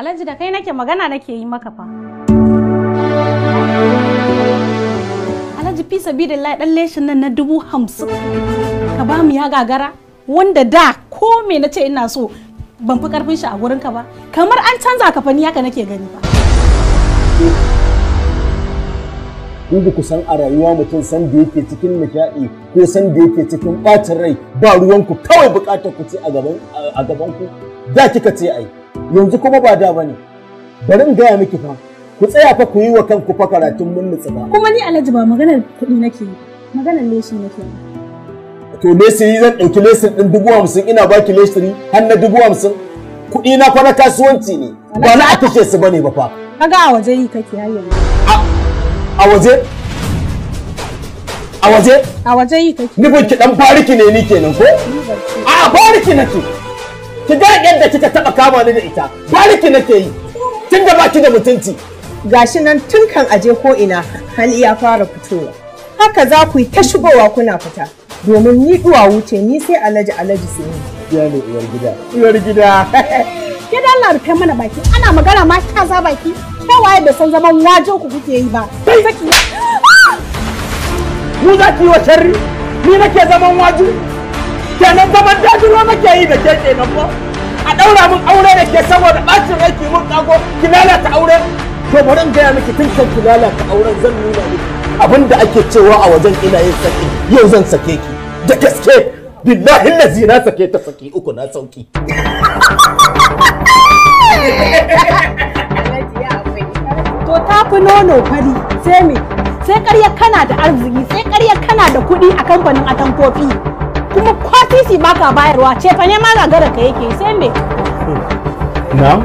Alhaji da kai nake magana nake yi maka fa. Alhaji fi sabidillahi dan leshin nan na dubu hamsin ka ba mu ya gagara wanda da ko me na ce ina so ban fi karfin shi a gurinka ba kamar an canza ka fani haka nake gani ba. in ku san a rayuwa mutum san da yake cikin nishaɗi ko san da yake cikin ɓacin rai ba ruwanku kawai buƙatar ku ce a gaban ku da kika ce ai yanzu kuma ba da bane bari in gaya miki fa ku tsaya fa ku yi wa kanku fa karatun mun ba kuma ni alhaji ba maganar kuɗi nake yi maganar leshi nake yi to lesiri zan ɗauki lesiri ɗin dubu hamsin ina baki lesiri har na dubu hamsin kuɗi na fa na kasuwanci ne ba na a kashe su bane ba fa kaga a waje yi kake har yanzu a waje a waje a waje yi kake ban ki dan fariki ne ni kenan ko a fariki nake ki ga yadda kika taba kama ni da ita baliki nake yi tun da baki da mutunci gashi nan tun kan aje ko ina hali ya fara fitowa haka za ku yi ta shigowa kuna fita domin ni duwa wuce ni sai alaji alaji su yi ya ne uwar gida uwar gida ke da Allah rufe mana baki ana magana ma ta za baki waye da san zaman wajen ku kuke yi ba mu za ki yi wa sharri ni nake zaman waju kenan zaman dajiro nake yi da ke kenan daura mun aure da ke saboda bacin rai ki mun kago ki lalata aure to bari in gaya miki tun kan ki lalata auren zan nuna miki abinda ake cewa a wajen ina yin saki yau zan sake ki da gaske billahi lazi na sake ta saki uku na sauki to ta fi nono fari sai me sai karya kana da arziki sai karya kana da kuɗi a kamfanin atankofi kuma kwatisi baka bayarwa ce fa ne ma gagara ka yake sai me na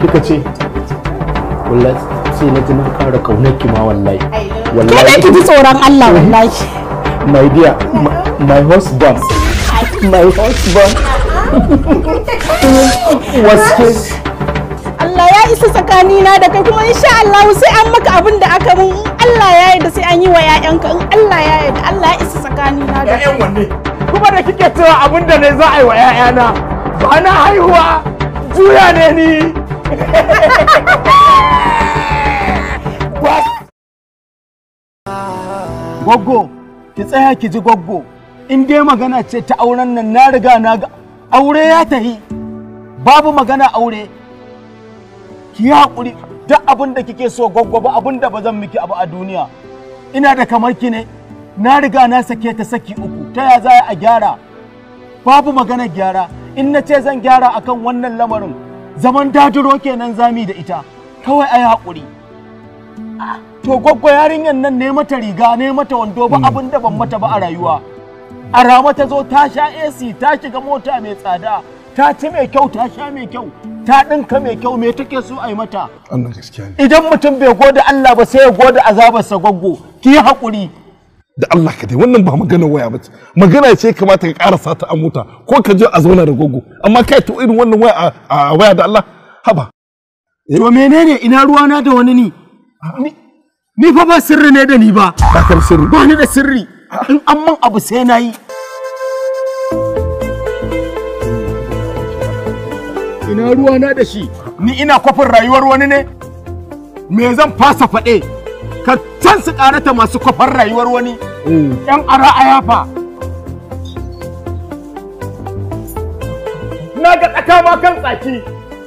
kika ce wallahi sai na ji na kara kaunar ki ma wallahi wallahi ki ji tsoron Allah wallahi my dear my husband my husband waske Allah ya isa tsakani na da kai kuma insha Allah sai an maka abin da aka mun Allah ya yarda sai an yi wa ƴaƴanka in Allah ya yarda Allah ya isa tsakani na da ƴaƴan wanne kuma da kike cewa abin da ne za a yi wa ƴaƴana ba na haihuwa juya ne ni gwaggo ki tsaya ki ji gwaggo in dai magana ce ta auren nan na riga na ga aure ya yi babu magana aure ki haƙuri duk abin da kike so gwaggo ba abin da ba zan miki abu a duniya ina da kamar ki ne na riga na sake ta saki uku ta ya za a gyara babu magana gyara in na ce zan gyara akan wannan lamarin zaman dadiro kenan zami da ita kawai ai haƙuri to goggo yarinyar nan ne mata riga ne mata wando ba hmm. abin da ban mata ba a rayuwa arama rama ta zo ta sha AC ta shiga mota mai tsada ta ci mai kyau ta sha mai kyau ta ɗinka mai kyau me take so a yi mata idan mutum bai gode Allah ba sai ya gode azabarsa gwaggo ki haƙuri da Allah ka dai wannan ba magana waya ba ce magana ce kamata ka karasa ta a mota ko ka je a zauna da gogo amma kai to irin wannan waya a waya da Allah haba to eh, menene ina ruwa na da wani ni ni fa ba sirri ne da ni ba ba ka sirri ba ni da sirri in amman abu sai nayi ina ruwa na da shi ni ina kwafin rayuwar wani ne me zan fasa faɗe ka can su karata masu kwafar rayuwar wani yan ara a yafa na ga tsaka ma kan tsaki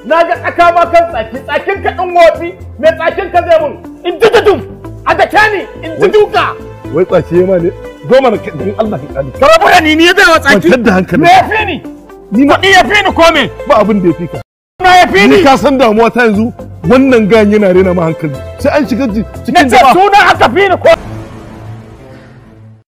na ga tsaka ma kan tsaki tsakin ka din wofi me tsakin ka zai mun in ji dudum a da ni in ji duka wai tsaki ma ne zo mana din Allah ka kani ka rabu da ni ni zai wa tsaki kwantar da hankali me ya fi ni ni ma ya fi ni ko me ba abin da ya fi ka na ya fi ni ka san damuwa ta yanzu wannan gayan yana rena ma hankali sai an shiga cikin jama'a na ce suna aka fi ni ko